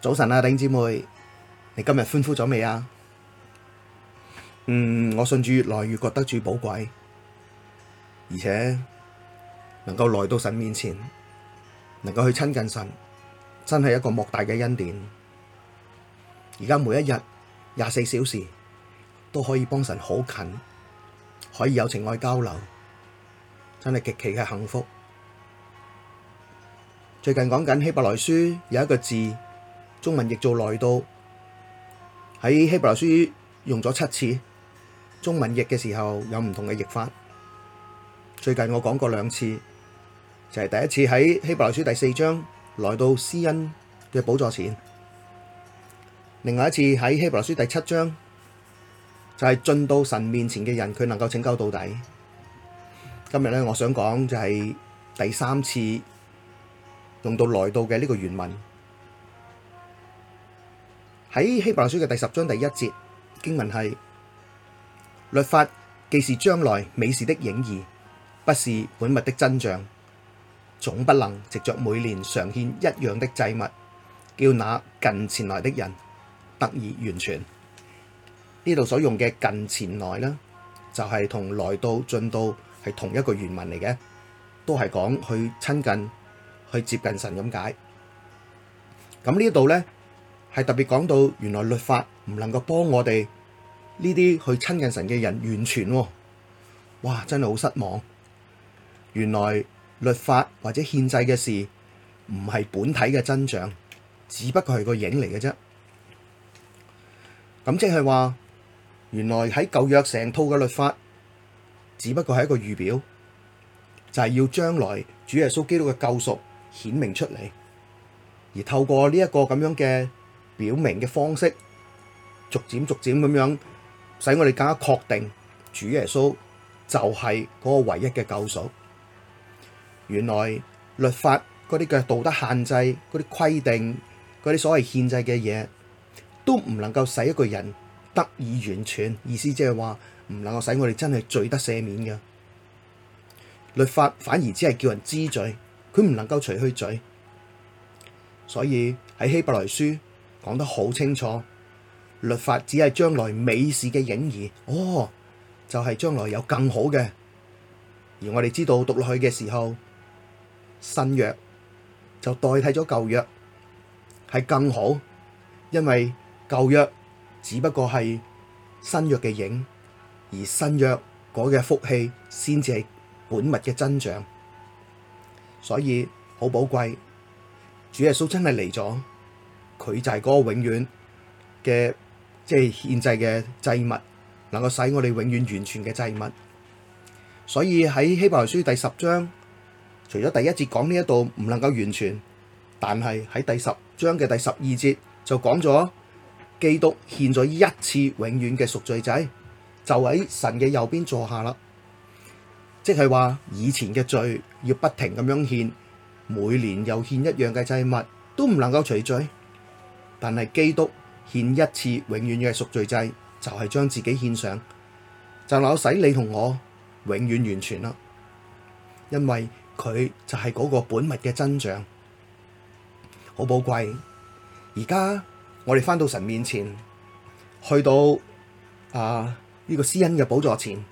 早晨啊，丁姐妹，你今日歡呼咗未啊？嗯，我信主越嚟越覺得主寶貴，而且能夠來到神面前，能夠去親近神，真係一個莫大嘅恩典。而家每一日廿四小時都可以幫神好近，可以有情愛交流，真係極其嘅幸福。最近講緊希伯來書有一個字。中文譯做來到，喺希伯來書用咗七次。中文譯嘅時候有唔同嘅譯法。最近我講過兩次，就係第一次喺希伯來書第四章來到施恩嘅寶座前；另外一次喺希伯來書第七章，就係進到神面前嘅人佢能夠拯救到底。今日咧，我想講就係第三次用到來到嘅呢個原文。喺《希伯來書》嘅第十章第一節，經文係律法既是將來美事的影兒，不是本物的真像，總不能藉著每年常獻一樣的祭物，叫那近前來的人得以完全。呢度所用嘅近前來呢，就係同來到、進到係同一個原文嚟嘅，都係講去親近、去接近神咁解。咁呢度呢。係特別講到，原來律法唔能夠幫我哋呢啲去親近神嘅人完全。哦，哇真係好失望！原來律法或者獻祭嘅事唔係本體嘅真相，只不過係個影嚟嘅啫。咁即係話，原來喺舊約成套嘅律法，只不過係一個預表，就係、是、要將來主耶穌基督嘅救贖顯明出嚟，而透過呢一個咁樣嘅。表明嘅方式，逐漸逐漸咁樣，使我哋更加確定主耶穌就係嗰個唯一嘅救贖。原來律法嗰啲嘅道德限制，嗰啲規定、嗰啲所謂限制嘅嘢，都唔能夠使一個人得以完全。意思即係話，唔能夠使我哋真係罪得赦免嘅。律法反而只係叫人知罪，佢唔能夠除去罪。所以喺希伯來書。講得好清楚，律法只係將來美事嘅影兒，哦，就係將來有更好嘅。而我哋知道讀落去嘅時候，新約就代替咗舊約，係更好，因為舊約只不過係新約嘅影，而新約嗰嘅福氣先至係本物嘅增長，所以好寶貴。主耶穌真係嚟咗。佢就係嗰個永遠嘅，即係獻祭嘅祭物，能夠使我哋永遠完全嘅祭物。所以喺希伯來書第十章，除咗第一節講呢一度唔能夠完全，但係喺第十章嘅第十二節就講咗基督獻咗一次永遠嘅贖罪祭，就喺神嘅右邊坐下啦。即係話以前嘅罪要不停咁樣獻，每年又獻一樣嘅祭物，都唔能夠除罪。但係基督獻一次永遠嘅贖罪祭，就係將自己獻上，就能使你同我永遠完全啦。因為佢就係嗰個本物嘅真像，好寶貴。而家我哋翻到神面前，去到啊呢、這個施恩嘅寶座前，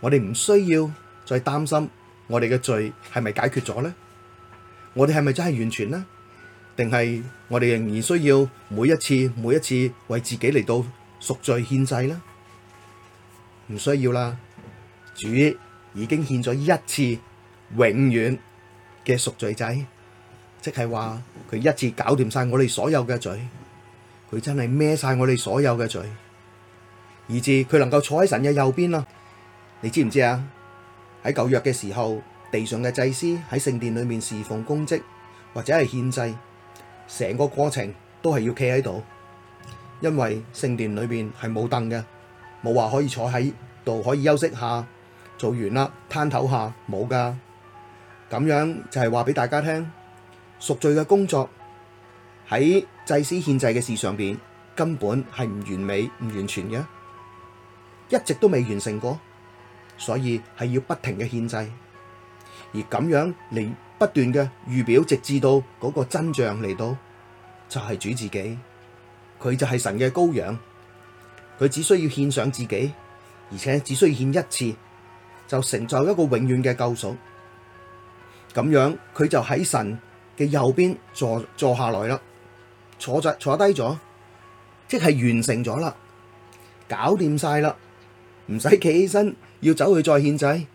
我哋唔需要再擔心我哋嘅罪係咪解決咗咧？我哋係咪真係完全咧？定係我哋仍然需要每一次，每一次為自己嚟到贖罪獻祭啦？唔需要啦，主已經獻咗一次永遠嘅贖罪祭，即係話佢一次搞掂晒我哋所有嘅罪，佢真係孭晒我哋所有嘅罪，以至佢能夠坐喺神嘅右邊啦。你知唔知啊？喺舊約嘅時候，地上嘅祭司喺聖殿裏面侍奉公職或者係獻祭。成個過程都係要企喺度，因為聖殿裏面係冇凳嘅，冇話可以坐喺度可以休息下，做完啦攤唞下冇噶。咁樣就係話俾大家聽，贖罪嘅工作喺祭司獻祭嘅事上邊根本係唔完美唔完全嘅，一直都未完成過，所以係要不停嘅獻祭，而咁樣你。不斷嘅預表，直至到嗰個真相嚟到，就係主自己，佢就係神嘅羔羊，佢只需要獻上自己，而且只需要獻一次，就成就一個永遠嘅救贖。咁樣佢就喺神嘅右邊坐坐下來啦，坐在坐低咗，即係完成咗啦，搞掂晒啦，唔使企起身要走去再獻祭，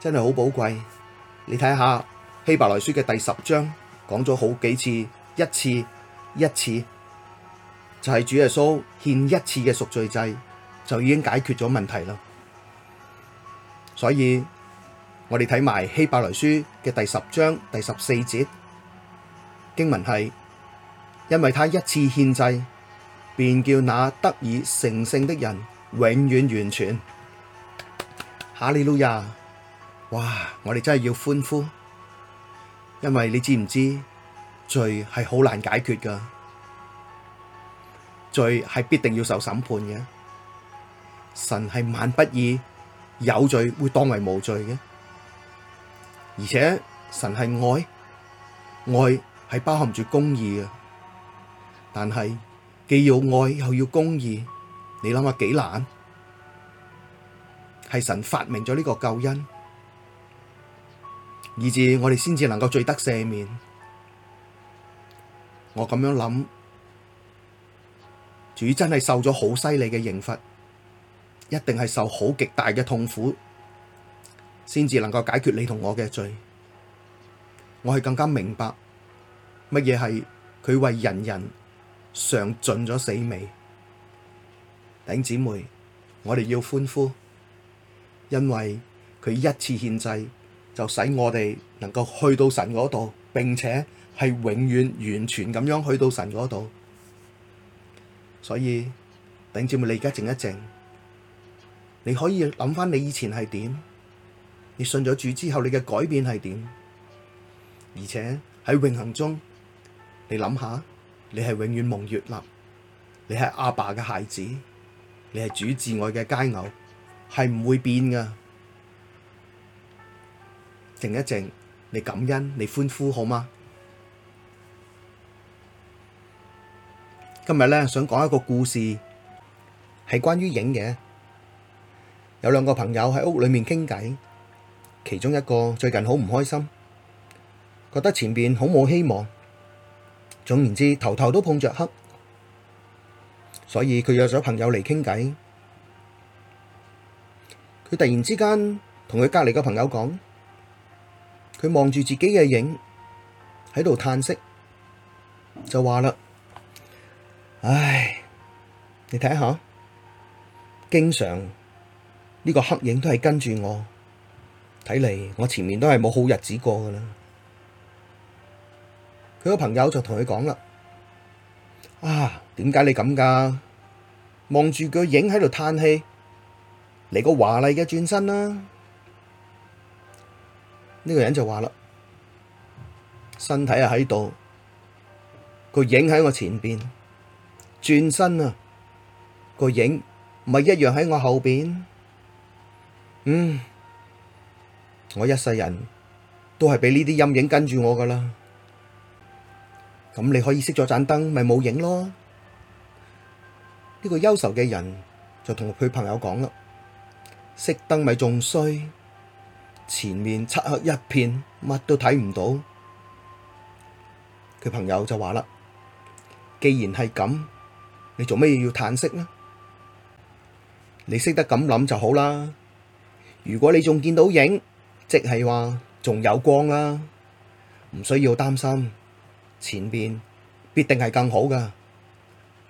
真係好寶貴。你睇下。希伯來書嘅第十章講咗好幾次，一次一次就係主耶穌獻一次嘅贖罪祭，就已經解決咗問題啦。所以我哋睇埋希伯來書嘅第十章第十四節經文係，因為他一次獻祭，便叫那得以成聖的人永遠完全。哈利路亞！哇，我哋真係要歡呼！因為你知唔知罪係好難解決㗎，罪係必定要受審判嘅。神係萬不以有罪會當為無罪嘅，而且神係愛，愛係包含住公義嘅。但係既要愛又要公義，你諗下幾難？係神發明咗呢個救恩。以至我哋先至能夠罪得赦免我，我咁樣諗，主真係受咗好犀利嘅刑罰，一定係受好極大嘅痛苦，先至能夠解決你同我嘅罪。我係更加明白乜嘢係佢為人人嘗盡咗死味。弟兄姊妹，我哋要歡呼，因為佢一次獻祭。就使我哋能夠去到神嗰度，並且係永遠完全咁樣去到神嗰度。所以，等住咪，你而家靜一靜。你可以諗翻你以前係點？你信咗主之後，你嘅改變係點？而且喺永恆中，你諗下，你係永遠蒙悅納，你係阿爸嘅孩子，你係主至愛嘅佳偶，係唔會變噶。靜一靜，你感恩，你歡呼，好嗎？今日咧，想講一個故事，係關於影嘅。有兩個朋友喺屋裏面傾偈，其中一個最近好唔開心，覺得前面好冇希望，總言之，頭頭都碰着黑，所以佢約咗朋友嚟傾偈。佢突然之間同佢隔籬個朋友講。佢望住自己嘅影喺度嘆息，就話啦：，唉，你睇下，經常呢個黑影都係跟住我，睇嚟，我前面都係冇好日子過噶啦。佢個朋友就同佢講啦：，啊，點解你咁噶？望住個影喺度嘆氣，嚟個華麗嘅轉身啦，啊！呢個人就話啦，身體啊喺度，個影喺我前邊，轉身啊，個影咪一樣喺我後邊。嗯，我一世人都係俾呢啲陰影跟住我噶啦。咁你可以熄咗盞燈，咪冇影咯。呢個憂愁嘅人就同佢朋友講啦，熄燈咪仲衰。前面漆黑一片，乜都睇唔到。佢朋友就話啦：既然係咁，你做咩要嘆息呢？你識得咁諗就好啦。如果你仲見到影，即係話仲有光啦、啊，唔需要擔心。前邊必定係更好噶。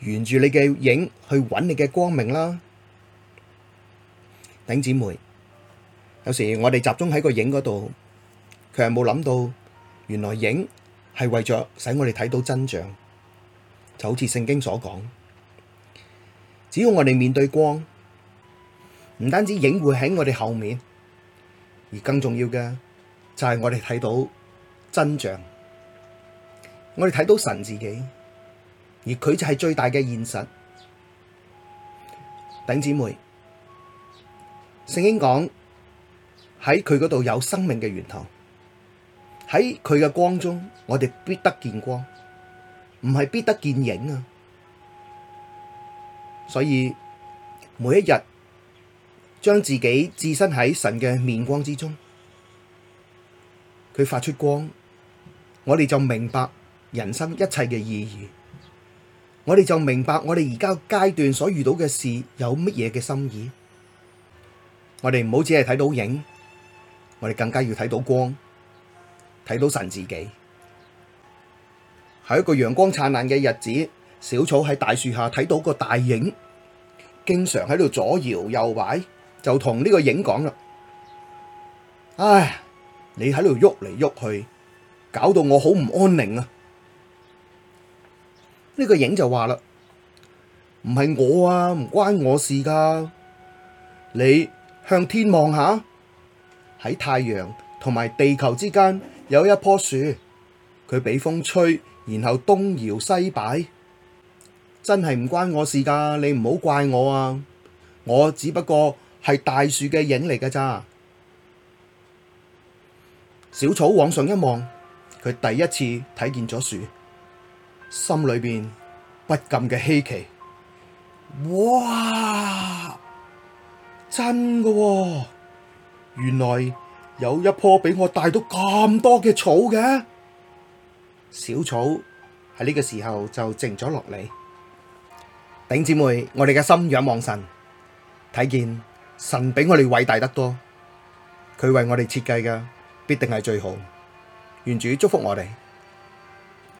沿住你嘅影去揾你嘅光明啦，頂姐妹。有時我哋集中喺個影嗰度，佢係冇諗到，原來影係為咗使我哋睇到真像，就好似聖經所講，只要我哋面對光，唔單止影會喺我哋後面，而更重要嘅就係我哋睇到真像，我哋睇到神自己，而佢就係最大嘅現實。鄧姊妹，聖經講。喺佢嗰度有生命嘅源頭，喺佢嘅光中，我哋必得見光，唔係必得見影啊！所以每一日將自己置身喺神嘅面光之中，佢發出光，我哋就明白人生一切嘅意義，我哋就明白我哋而家階段所遇到嘅事有乜嘢嘅心意，我哋唔好只係睇到影。我哋更加要睇到光，睇到神自己，喺一個陽光燦爛嘅日子。小草喺大樹下睇到個大影，經常喺度左搖右擺，就同呢個影講啦：，唉，你喺度喐嚟喐去，搞到我好唔安寧啊！呢個影就話啦：，唔係我啊，唔關我事噶。你向天望下。喺太陽同埋地球之間有一棵樹，佢俾風吹，然後東搖西擺，真係唔關我事噶，你唔好怪我啊！我只不過係大樹嘅影嚟噶咋。小草往上一望，佢第一次睇見咗樹，心裏邊不禁嘅稀奇，哇！真噶喎！哦！原來有一棵比我大到咁多嘅草嘅小草喺呢個時候就靜咗落嚟。頂姊妹，我哋嘅心仰望神，睇見神比我哋偉大得多，佢為我哋設計嘅必定係最好。願主祝福我哋。